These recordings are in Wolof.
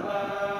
Akbar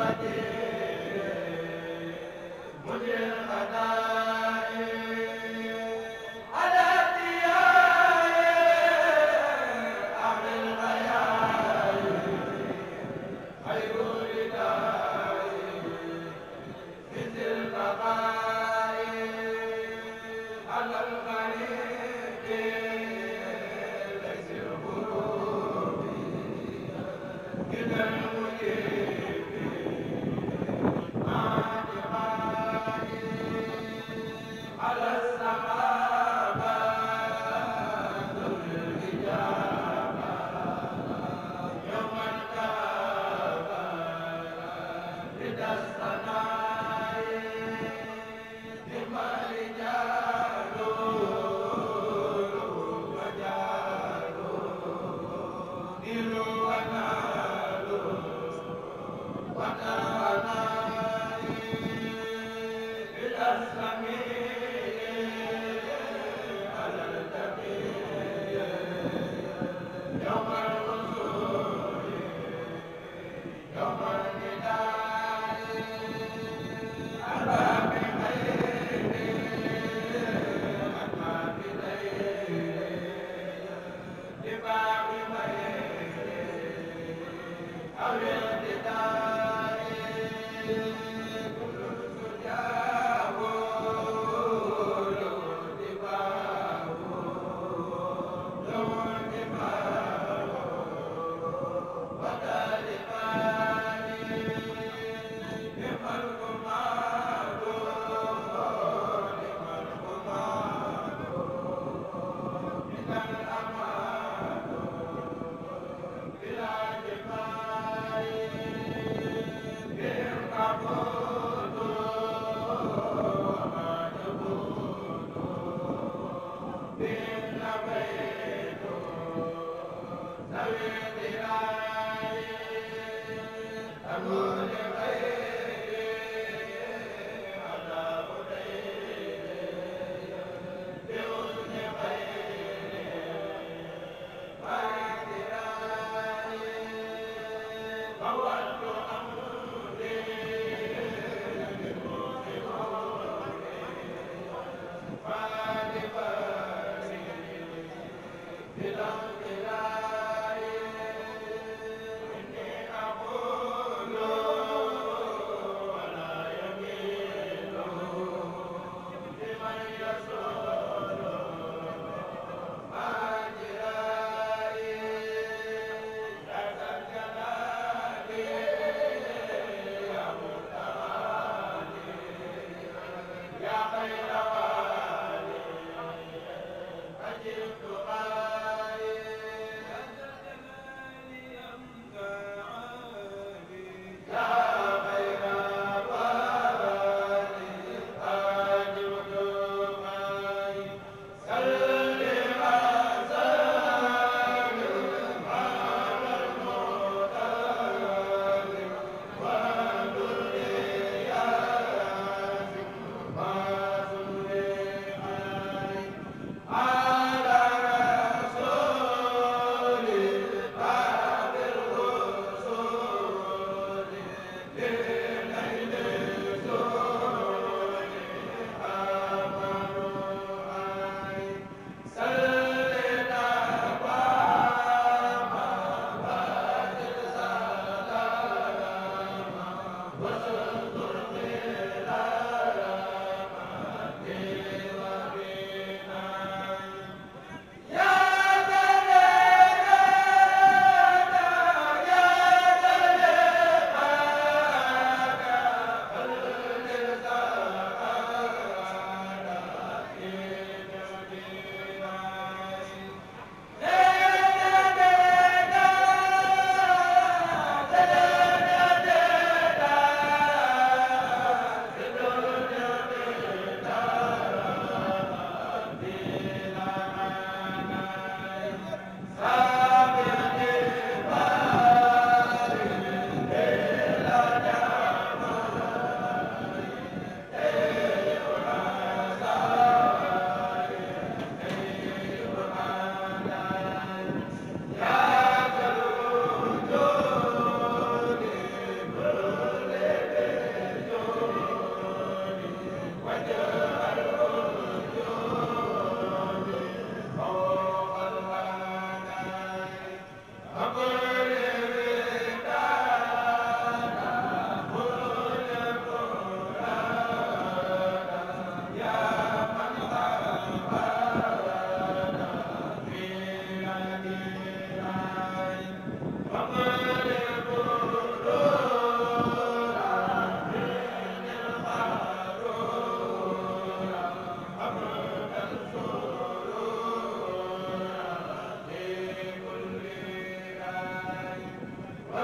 Fatih